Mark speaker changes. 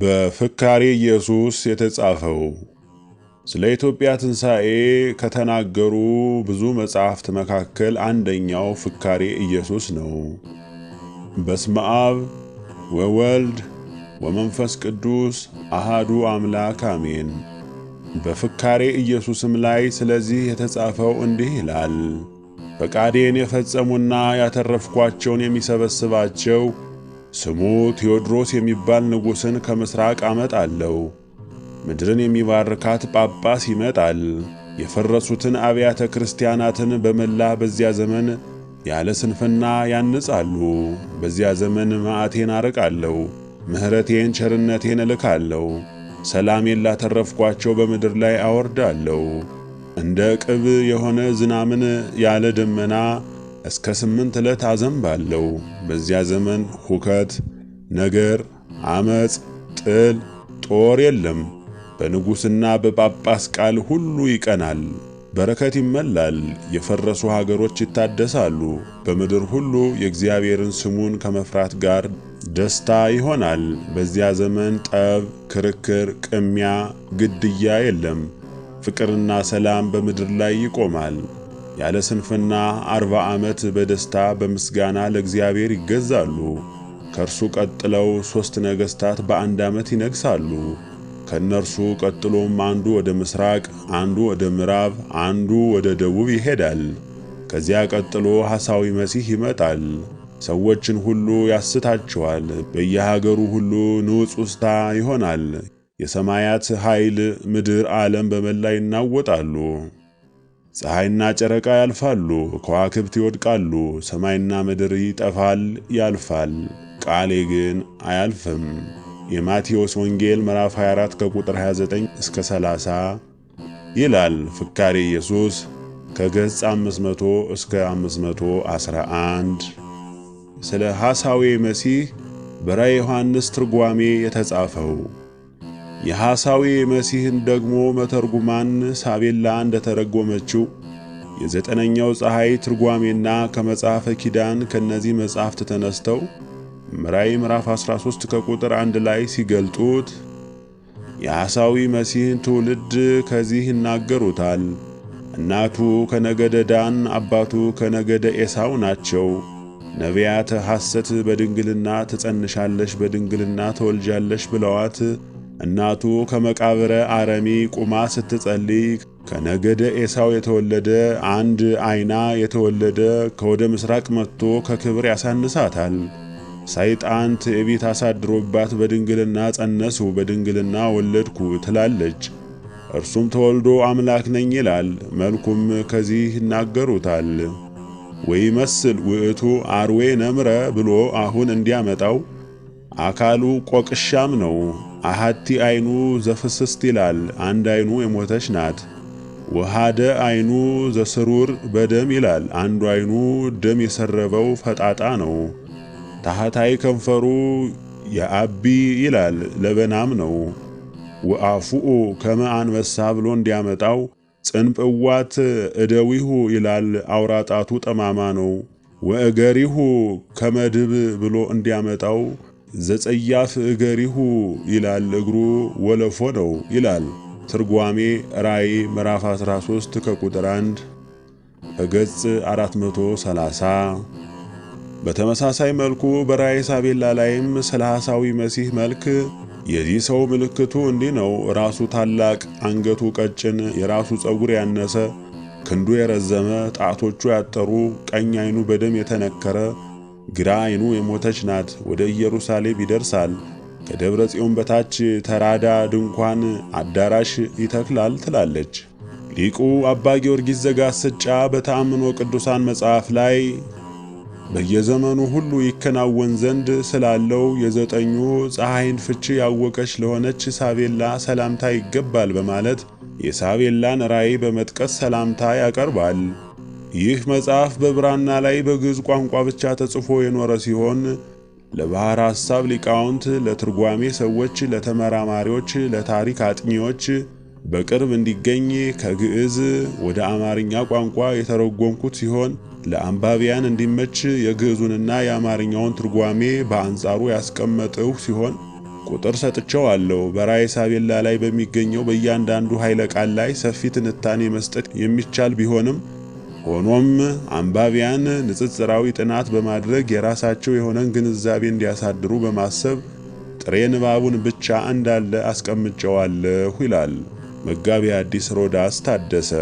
Speaker 1: በፍካሬ ኢየሱስ የተጻፈው ስለ ኢትዮጵያ ትንሣኤ ከተናገሩ ብዙ መጻሕፍት መካከል አንደኛው ፍካሬ ኢየሱስ ነው። በስመ አብ ወወልድ ወመንፈስ ቅዱስ አሃዱ አምላክ አሜን። በፍካሬ ኢየሱስም ላይ ስለዚህ የተጻፈው እንዲህ ይላል። ፈቃዴን የፈጸሙና ያተረፍኳቸውን የሚሰበስባቸው ስሙ ቴዎድሮስ የሚባል ንጉሥን ከምሥራቅ አመጣለሁ። ምድርን የሚባርካት ጳጳስ ይመጣል። የፈረሱትን አብያተ ክርስቲያናትን በመላ በዚያ ዘመን ያለ ስንፍና ያንጻሉ። በዚያ ዘመን መዓቴን አርቃለሁ፣ ምሕረቴን ቸርነቴን እልካለሁ። ሰላሜን ላተረፍኳቸው በምድር ላይ አወርዳለሁ። እንደ ቅብ የሆነ ዝናምን ያለ ደመና እስከ ስምንት ዕለት አዘንባለሁ። በዚያ ዘመን ሁከት፣ ነገር፣ አመፅ፣ ጥል፣ ጦር የለም። በንጉሥና በጳጳስ ቃል ሁሉ ይቀናል፣ በረከት ይመላል። የፈረሱ ሀገሮች ይታደሳሉ። በምድር ሁሉ የእግዚአብሔርን ስሙን ከመፍራት ጋር ደስታ ይሆናል። በዚያ ዘመን ጠብ፣ ክርክር፣ ቅሚያ፣ ግድያ የለም። ፍቅርና ሰላም በምድር ላይ ይቆማል። ያለ ስንፍና አርባ ዓመት በደስታ በምስጋና ለእግዚአብሔር ይገዛሉ። ከእርሱ ቀጥለው ሦስት ነገሥታት በአንድ ዓመት ይነግሣሉ። ከእነርሱ ቀጥሎም አንዱ ወደ ምሥራቅ፣ አንዱ ወደ ምዕራብ፣ አንዱ ወደ ደቡብ ይሄዳል። ከዚያ ቀጥሎ ሐሳዊ መሲህ ይመጣል። ሰዎችን ሁሉ ያስታቸዋል። በየሀገሩ ሁሉ ንጹስታ ይሆናል። የሰማያት ኃይል ምድር ዓለም በመላ ይናወጣሉ። ፀሐይና ጨረቃ ያልፋሉ፣ ከዋክብት ይወድቃሉ፣ ሰማይና ምድር ይጠፋል ያልፋል፣ ቃሌ ግን አያልፍም። የማቴዎስ ወንጌል ምዕራፍ 24 ከቁጥር 29 እስከ 30 ይላል። ፍካሬ ኢየሱስ ከገጽ 500 እስከ 511 ስለ ሐሳዌ መሲህ በራዕየ ዮሐንስ ትርጓሜ የተጻፈው የሐሳዊ መሲህን ደግሞ መተርጉማን ሳቤላ እንደተረጎመችው የዘጠነኛው ፀሐይ ትርጓሜና ከመጽሐፈ ኪዳን ከነዚህ መጽሐፍት ተነስተው ምራይ ምዕራፍ 13 ከቁጥር አንድ ላይ ሲገልጡት የሐሳዊ መሲህን ትውልድ ከዚህ ይናገሩታል። እናቱ ከነገደ ዳን አባቱ ከነገደ ኤሳው ናቸው። ነቢያት ሐሰት በድንግልና ትጸንሻለሽ፣ በድንግልና ተወልጃለሽ ብለዋት እናቱ ከመቃብረ አረሚ ቁማ ስትጸልይ ከነገደ ኤሳው የተወለደ አንድ አይና የተወለደ ከወደ ምስራቅ መጥቶ ከክብር ያሳንሳታል። ሰይጣን ትዕቢት አሳድሮባት በድንግልና ጸነሱ፣ በድንግልና ወለድኩ ትላለች። እርሱም ተወልዶ አምላክ ነኝ ይላል። መልኩም ከዚህ ይናገሩታል። ወይመስል ውእቱ አርዌ ነምረ ብሎ አሁን እንዲያመጣው አካሉ ቆቅሻም ነው። አሃቲ አይኑ ዘፍስስት ይላል። አንድ አይኑ የሞተች ናት። ወሃደ አይኑ ዘስሩር በደም ይላል። አንዱ አይኑ ደም የሰረበው ፈጣጣ ነው። ታህታይ ከንፈሩ የአቢ ይላል። ለበናም ነው። ወአፉኡ ከመ አንበሳ ብሎ እንዲያመጣው ጽንጵዋት እደዊሁ ይላል። አውራጣቱ ጠማማ ነው። ወእገሪሁ ከመድብ ብሎ እንዲያመጣው ዘጸያፍ እገሪሁ ይላል እግሩ ወለፎ ነው ይላል። ትርጓሜ ራእይ ምዕራፍ 13 ከቁጥር 1 ከገጽ 430። በተመሳሳይ መልኩ በራይ ሳቤላ ላይም ስለ ሐሳዊ መሲህ መልክ የዚህ ሰው ምልክቱ እንዲህ ነው። ራሱ ታላቅ፣ አንገቱ ቀጭን፣ የራሱ ፀጉር ያነሰ፣ ክንዱ የረዘመ፣ ጣቶቹ ያጠሩ፣ ቀኝ ዓይኑ በደም የተነከረ ግራ ዓይኑ የሞተች ናት። ወደ ኢየሩሳሌም ይደርሳል። ከደብረ ጽዮን በታች ተራዳ ድንኳን አዳራሽ ይተክላል ትላለች። ሊቁ አባ ጊዮርጊስ ዘጋስጫ በተአምኖ ቅዱሳን መጽሐፍ ላይ በየዘመኑ ሁሉ ይከናወን ዘንድ ስላለው የዘጠኙ ፀሐይን ፍቺ ያወቀች ለሆነች ሳቤላ ሰላምታ ይገባል በማለት የሳቤላን ራእይ በመጥቀስ ሰላምታ ያቀርባል። ይህ መጽሐፍ በብራና ላይ በግዕዝ ቋንቋ ብቻ ተጽፎ የኖረ ሲሆን ለባሕረ ሐሳብ ሊቃውንት፣ ለትርጓሜ ሰዎች፣ ለተመራማሪዎች፣ ለታሪክ አጥኚዎች በቅርብ እንዲገኝ ከግዕዝ ወደ አማርኛ ቋንቋ የተረጎምኩት ሲሆን ለአንባቢያን እንዲመች የግዕዙንና የአማርኛውን ትርጓሜ በአንጻሩ ያስቀመጥሁ ሲሆን ቁጥር ሰጥቸው አለው። በራእየ ሳቤላ ላይ በሚገኘው በእያንዳንዱ ኃይለ ቃል ላይ ሰፊ ትንታኔ መስጠት የሚቻል ቢሆንም ሆኖም አንባቢያን ንጽጽራዊ ጥናት በማድረግ የራሳቸው የሆነን ግንዛቤ እንዲያሳድሩ በማሰብ ጥሬ ንባቡን ብቻ እንዳለ አስቀምጨዋለሁ ይላል መጋቢ አዲስ ሮዳስ ታደሰ።